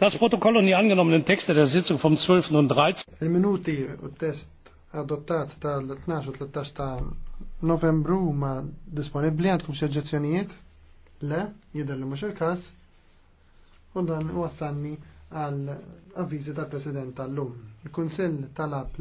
Das Protokoll und die angenommenen Texte der Sitzung vom 12. und 13. Il-minuti u test adottat tal-12-13 u ta' novembru ma disponibli għandkom xi oġġezzjonijiet? Le, jidher li mhux il-każ. U dan wassanni għal avviżi tal-President tal-lum. Il-Kunsill talab